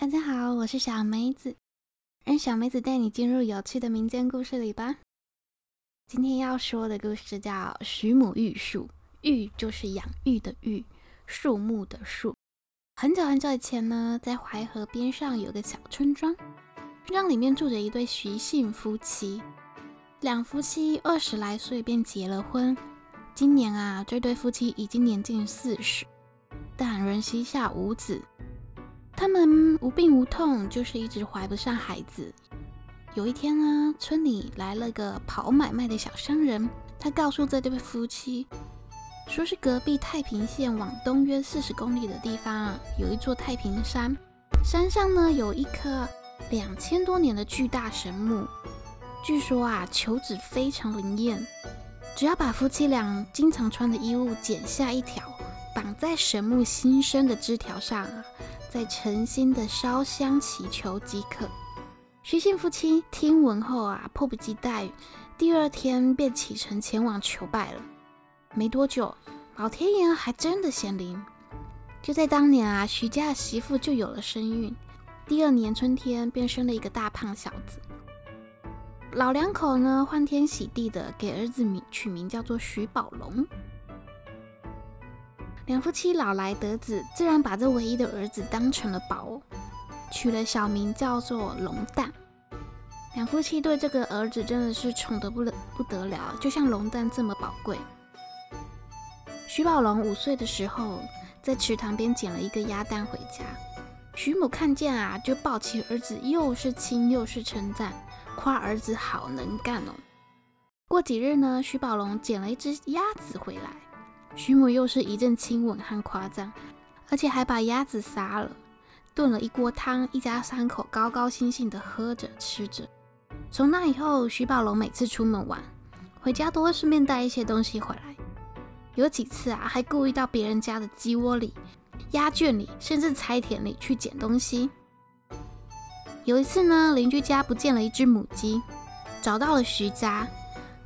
大家好，我是小梅子，讓小梅子帶你進入有趣的民間故事裡吧。今天要說的故事叫《徐母育樹》，育就是養育的育，樹木的樹。很久很久以前呢，在淮河邊上有個小村莊，村莊裡面住着一對徐姓夫妻。兩夫妻二十來歲便結了婚，今年啊，這對夫妻已經年近四十，但仍膝下無子。他們無病無痛，就是一直懷不上孩子。有一天呢、啊，村裡來了個跑買賣的小商人，他告訴這對夫妻，說是隔壁太平縣往東約四十公里的地方啊，有一座太平山，山上呢有一棵兩千多年的巨大神木，據說啊求子非常靈驗，只要把夫妻倆經常穿的衣物剪下一條，綁在神木新生的枝條上啊。再誠心的燒香祈求即可。徐姓夫妻聽聞後啊，迫不及待，第二天便啟程前往求拜了。沒多久，老天爺還真的顯靈，就在當年啊，徐家的媳婦就有了身孕，第二年春天便生了一個大胖小子。老兩口呢，歡天喜地的給兒子名取名叫做徐寶龍。兩夫妻老來得子，自然把這唯一的兒子當成了寶，取了小名叫做龍蛋。兩夫妻對這個兒子真的是寵得不不得了，就像龍蛋這麼寶貴。徐寶龍五歲的時候，在池塘邊撿了一個鴨蛋回家，徐母看見啊，就抱起兒子，又是親又是稱讚，誇兒子好能幹哦。過幾日呢，徐寶龍撿了一隻鴨子回來。徐母又是一陣親吻和誇讚，而且還把鴨子殺了，燉了一鍋湯，一家三口高高興興的喝着吃着。從那以後，徐寶龍每次出門玩，回家都會順便帶一些東西回來。有幾次啊，還故意到別人家的雞窩裡、鴨圈裡，甚至菜田裡去撿東西。有一次呢，鄰居家不見了一隻母雞，找到了徐家，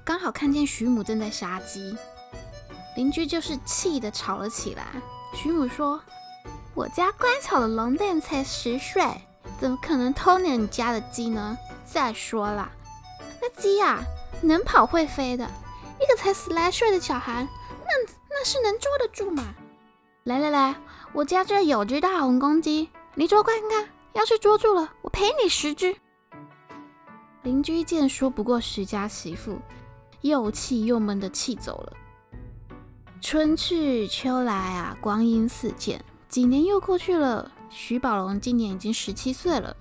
剛好看見徐母正在殺雞。鄰居就是氣的吵了起來。徐母說：“我家乖巧的龍蛋才十歲，怎麼可能偷鳥你家的雞呢？再說了，那雞呀、啊，能跑會飛的，一個才十來歲的小孩，那那是能捉得住嗎？來來來，我家這有只大紅公雞，你捉看看，要是捉住了，我賠你十只。”鄰居見說不過徐家媳婦，又氣又悶的氣走了。春去秋來啊，光陰似箭，幾年又過去了。徐寶龍今年已經十七歲了，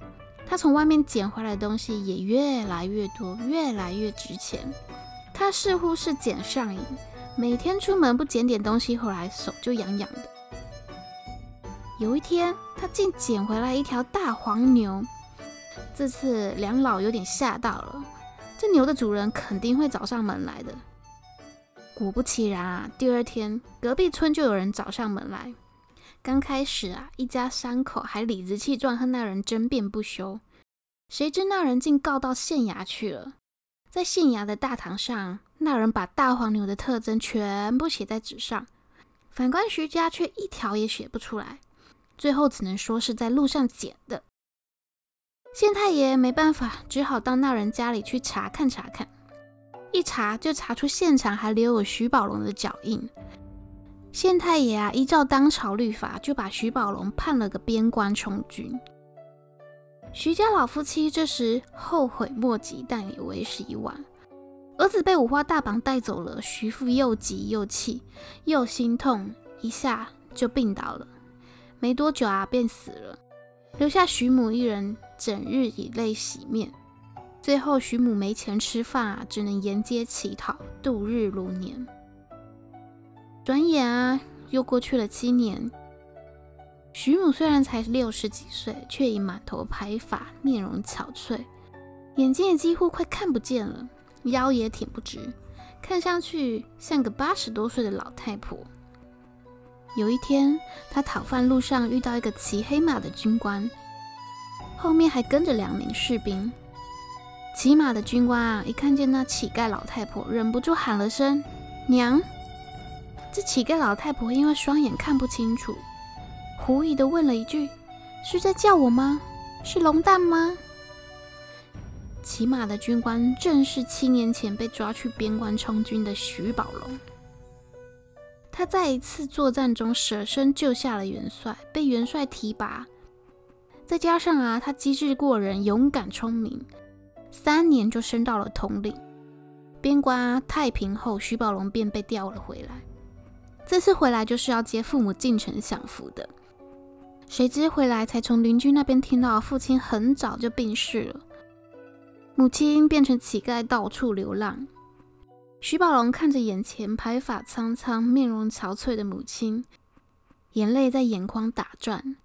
他從外面撿回來的東西也越來越多，越來越值錢。他似乎是撿上癮，每天出門不撿點東西回來，手就癢癢的。有一天，他竟撿回來一條大黃牛。這次兩老有點嚇到了，這牛的主人肯定會找上門來的。果不其然啊！第二天，隔壁村就有人找上門來。剛開始啊，一家三口還理直氣壯和那人爭辯不休，誰知那人竟告到縣衙去了。在縣衙的大堂上，那人把大黃牛的特徵全部寫在紙上，反觀徐家卻一條也寫不出來，最後只能說是在路上撿的。縣太爺沒辦法，只好到那人家裡去查看查看。一查就查出現場還留有徐寶龍的腳印，縣太爺啊，依照當朝律法，就把徐寶龍判了個邊關充軍。徐家老夫妻這時後悔莫及，但也為時已晚，兒子被五花大綁帶走了，徐父又急又氣又心痛，一下就病倒了，沒多久啊便死了，留下徐母一人，整日以淚洗面。最後，徐母沒錢吃飯啊，只能沿街乞討度日如年。轉眼啊，又過去了七年。徐母雖然才六十幾歲，卻已滿頭白髮，面容憔悴，眼睛也幾乎快看不見了，腰也挺不直，看上去像個八十多歲的老太婆。有一天，她討飯路上遇到一個騎黑馬的軍官，後面還跟着兩名士兵。騎馬的軍官啊，一看見那乞丐老太婆，忍不住喊了聲“娘”。這乞丐老太婆因為雙眼看不清楚，狐疑的問了一句：“是在叫我嗎？是龍蛋嗎？”騎馬的軍官正是七年前被抓去邊關充軍的徐寶龍。他在一次作戰中舍身救下了元帥，被元帥提拔。再加上啊，他機智過人，勇敢聰明。三年就升到了統領，邊關太平後，徐寶龍便被調了回來。這次回來就是要接父母進城享福的，誰知回來才從鄰居那邊聽到父親很早就病逝了，母親變成乞丐到處流浪。徐寶龍看着眼前白髮蒼蒼、面容憔悴的母親，眼淚在眼眶打轉，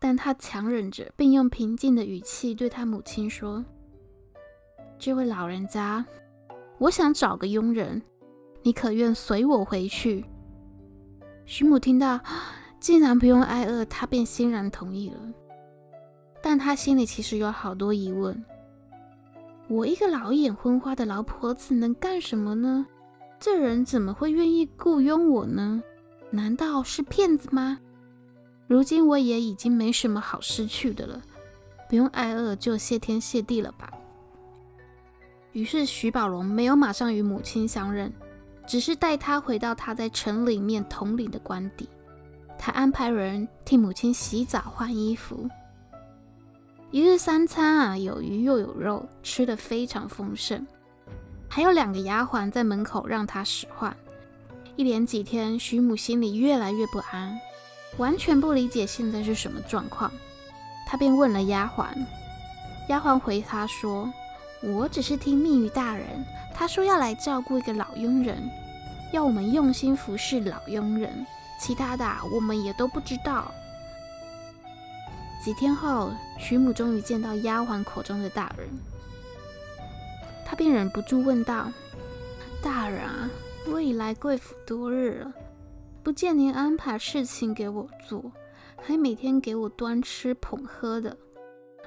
但他強忍着，並用平靜的語氣對他母親說。這位老人家，我想找個傭人，你可願隨我回去？徐母聽到竟然不用挨餓，她便欣然同意了。但她心裡其實有好多疑問：我一個老眼昏花的老婆子能幹什麼呢？這人怎麼會願意雇傭我呢？難道是騙子嗎？如今我也已經沒什麼好失去的了，不用挨餓就謝天謝地了吧。於是徐寶龍沒有馬上與母親相認，只是帶他回到他在城裡面統領的官邸。他安排人替母親洗澡換衣服，一日三餐啊，有魚又有肉，吃得非常豐盛。還有兩個丫鬟在門口讓他使喚。一連幾天，徐母心裡越來越不安，完全不理解現在是什麼狀況。她便問了丫鬟，丫鬟回他說我只是聽命於大人，他說要來照顧一個老傭人，要我們用心服侍老傭人，其他的啊，我們也都不知道。幾天後，徐母終於見到丫鬟口中的大人，她便忍不住問道：“大人啊，我已來貴府多日了，不見您安排事情給我做，還每天給我端吃捧喝的，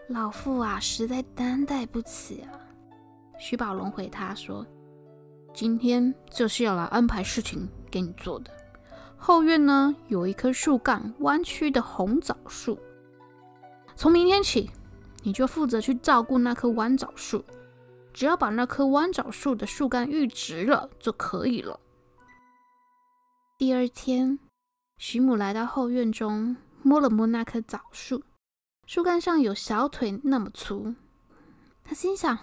老婦啊，實在擔待不起啊！”徐寶龍回他說：“今天就是要來安排事情給你做的。後院呢，有一棵樹幹彎曲的紅棗樹，從明天起你就負責去照顧那棵彎棗樹，只要把那棵彎棗樹的樹幹育直了就可以了。”第二天，徐母來到後院中，摸了摸那棵棗樹，樹幹上有小腿那麼粗，他心想。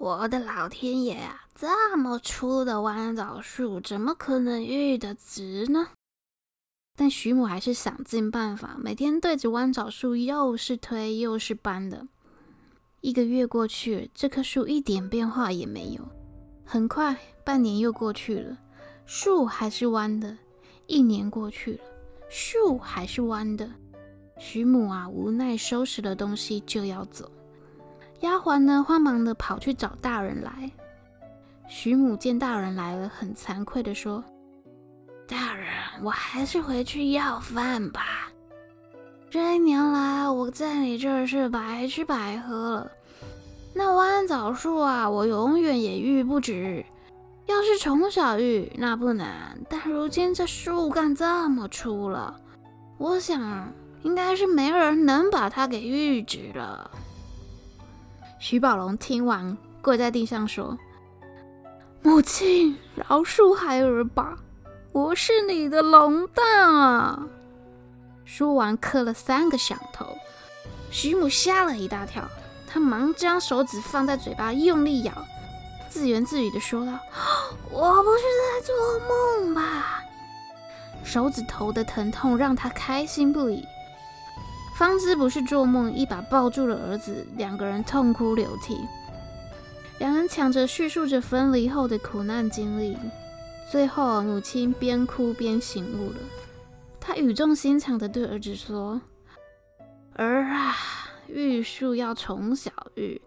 我的老天爺啊！這麼粗的彎棗樹，怎麼可能育得直呢？但徐母還是想盡辦法，每天對着彎棗樹又是推又是搬的。一個月過去，這棵樹一點變化也沒有。很快，半年又過去了，樹還是彎的。一年過去了，樹還是彎的。徐母啊，無奈收拾了東西就要走。丫鬟呢，慌忙的跑去找大人來。徐母見大人來了，很慚愧的說：“大人，我還是回去要飯吧。這一年來，我在你這兒是白吃白喝了。那彎棗樹啊，我永遠也育不直。要是從小育，那不難。但如今這樹幹這麼粗了，我想應該是沒人能把它給育直了。”徐寶龍聽完，跪在地上說：“母親，饒恕孩兒吧，我是你的龍蛋啊！”說完，磕了三個響頭。徐母嚇了一大跳，她忙將手指放在嘴巴，用力咬，自言自語地說道：“我不是在做夢吧？”手指頭的疼痛讓她開心不已。方知不是做夢，一把抱住了兒子，兩個人痛哭流涕。兩人搶着敘述着分離後的苦難經歷，最後母親邊哭邊醒悟了，她語重心長地對兒子說：“兒啊，育樹要從小育，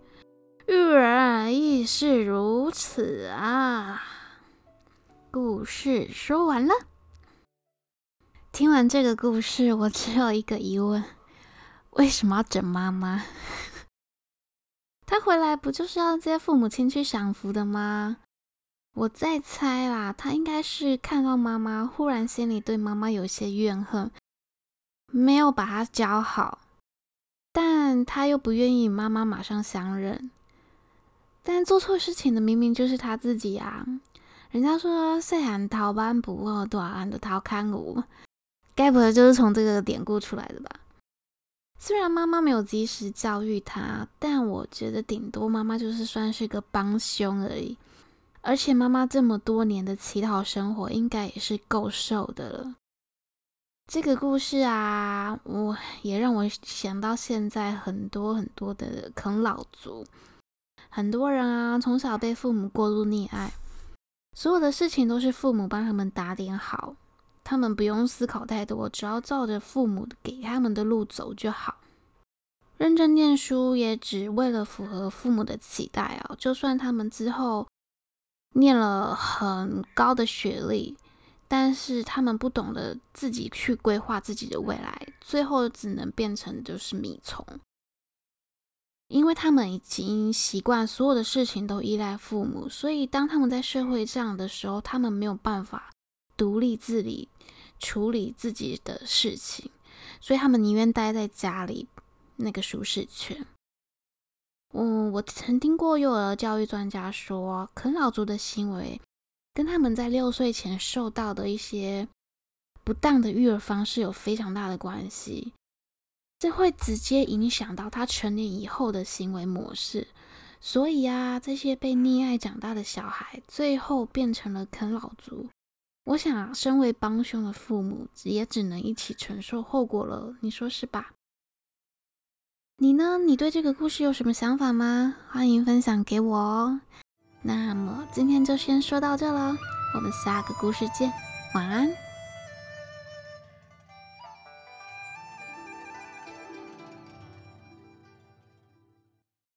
育人亦是如此啊。”故事說完了。聽完這個故事，我只有一個疑問。為什麼要整媽媽？ 他回來不就是要接父母親去享福的嗎？我在猜啦，他應該是看到媽媽忽然心裡對媽媽有些怨恨，沒有把他教好，但他又不願意媽媽馬上相認。但做錯事情的明明就是他自己啊！人家說“歲寒逃班不餓短”的“陶侃舞”，該不會就是從這個典故出來的吧？雖然媽媽沒有及時教育他，但我覺得頂多媽媽就是算是個幫凶而已。而且媽媽這麼多年的乞討生活，應該也是夠受的了。這個故事啊，我也讓我想到現在很多很多的啃老族，很多人啊，從小被父母過度溺愛，所有的事情都是父母幫他們打點好。他們不用思考太多，只要照着父母給他們的路走就好。認真念書也只為了符合父母的期待哦。就算他們之後念了很高的學歷，但是他們不懂得自己去規劃自己的未來，最後只能變成就是米蟲，因為他們已經習慣所有的事情都依賴父母，所以當他們在社會這樣的時候，他們沒有辦法，獨立自理，處理自己的事情，所以他們寧願待在家裡那個舒適圈。嗯，我曾經聽過幼兒教育專家說，啃老族的行為跟他們在六歲前受到的一些不當的育兒方式有非常大的關係，這會直接影響到他成年以後的行為模式。所以啊，這些被溺愛長大的小孩，最後變成了啃老族。我想啊，身為幫兇的父母，也只能一起承受後果了，你說是吧？你呢？你對這個故事有什麼想法嗎？歡迎分享給我哦。那麼今天就先說到這了，我們下個故事見，晚安。